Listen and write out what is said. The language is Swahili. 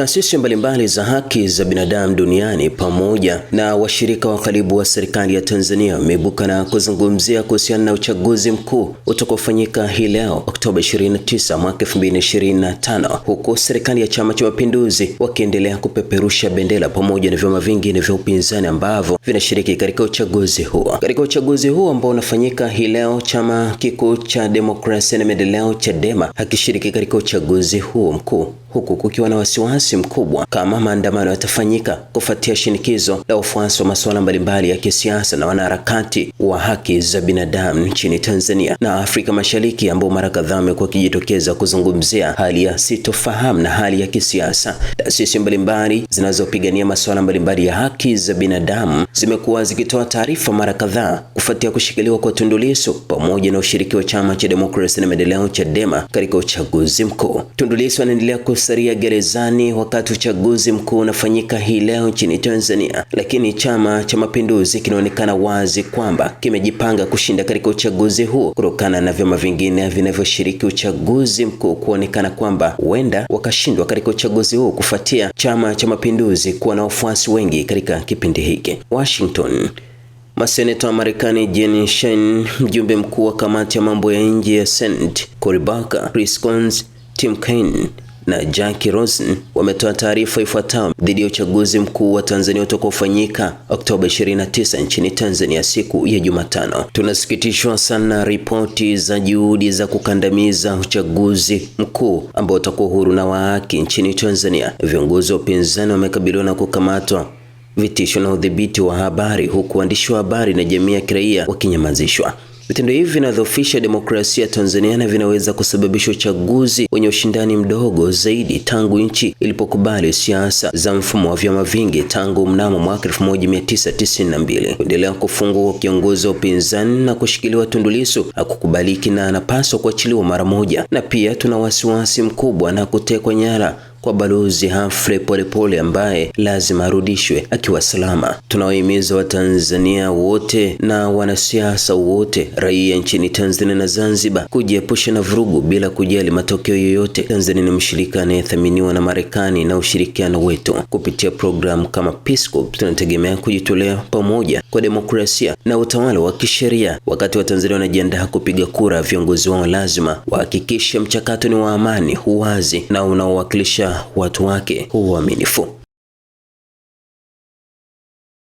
Taasisi mbalimbali za haki za binadamu duniani pamoja na washirika wa karibu wa serikali ya Tanzania wameibuka na kuzungumzia kuhusiana na uchaguzi mkuu utakaofanyika hii leo Oktoba 29 mwaka 2025, huku serikali ya Chama cha Mapinduzi wakiendelea kupeperusha bendera pamoja na vyama vingine vya upinzani ambavyo vinashiriki katika uchaguzi huo. Katika uchaguzi huo ambao unafanyika hii leo, chama kikuu cha demokrasia na maendeleo Chadema hakishiriki katika uchaguzi huo mkuu huku kukiwa na wasiwasi mkubwa kama maandamano yatafanyika kufuatia shinikizo la ufuasi wa masuala mbalimbali ya kisiasa na wanaharakati wa haki za binadamu nchini Tanzania na Afrika Mashariki, ambao mara kadhaa wamekuwa wakijitokeza kuzungumzia hali ya sitofahamu na hali ya kisiasa. Taasisi mbalimbali zinazopigania masuala mbalimbali ya haki za binadamu zimekuwa zikitoa taarifa mara kadhaa kufuatia kushikiliwa kwa Tundu Lissu pamoja na ushiriki wa chama cha demokrasia na maendeleo Chadema katika uchaguzi mkuu. Tundu Lissu anaendelea waliosalia gerezani wakati uchaguzi mkuu unafanyika hii leo nchini Tanzania, lakini Chama cha Mapinduzi kinaonekana wazi kwamba kimejipanga kushinda katika uchaguzi huo kutokana na vyama vingine vinavyoshiriki uchaguzi mkuu kuonekana kwamba huenda wakashindwa katika uchaguzi huo kufuatia Chama cha Mapinduzi kuwa na wafuasi wengi katika kipindi hiki. Washington Maseneta wa Marekani Jen Shen, mjumbe mkuu wa kamati ya mambo ya nje ya Senate Cory Booker, Chris Coons, Tim Kaine na Jackie Rosen wametoa taarifa ifuatayo dhidi ya uchaguzi mkuu wa Tanzania utakaofanyika Oktoba 29 nchini Tanzania siku ya Jumatano. Tunasikitishwa sana ripoti za juhudi za kukandamiza uchaguzi mkuu ambao utakuwa huru na wa haki nchini Tanzania. Viongozi wa upinzani wamekabiliwa na kukamatwa vitisho na udhibiti wa habari huku waandishi wa habari na jamii ya kiraia wakinyamazishwa. Vitendo hivi vinadhoofisha demokrasia ya Tanzania na vinaweza kusababisha uchaguzi wenye ushindani mdogo zaidi tangu nchi ilipokubali siasa za mfumo wa vyama vingi tangu mnamo mwaka 1992. Kuendelea kufungwa kwa kiongozi wa upinzani na kushikiliwa Tundu Lissu hakukubaliki na anapaswa kuachiliwa mara moja, na pia tuna wasiwasi mkubwa na kutekwa nyara kwa Balozi Humphrey Polepole ambaye lazima arudishwe akiwa salama. Tunawahimiza Watanzania wote na wanasiasa wote, raia nchini Tanzania na Zanzibar kujiepusha na vurugu bila kujali matokeo yoyote. Tanzania ni mshirika anayethaminiwa na Marekani na ushirikiano wetu kupitia programu kama Peace Corps tunategemea kujitolea pamoja kwa demokrasia na utawala wa kisheria. Wakati Watanzania wanajiandaa kupiga kura, viongozi wao lazima wahakikishe mchakato ni wa amani, uwazi na unaowakilisha watu wake uaminifu.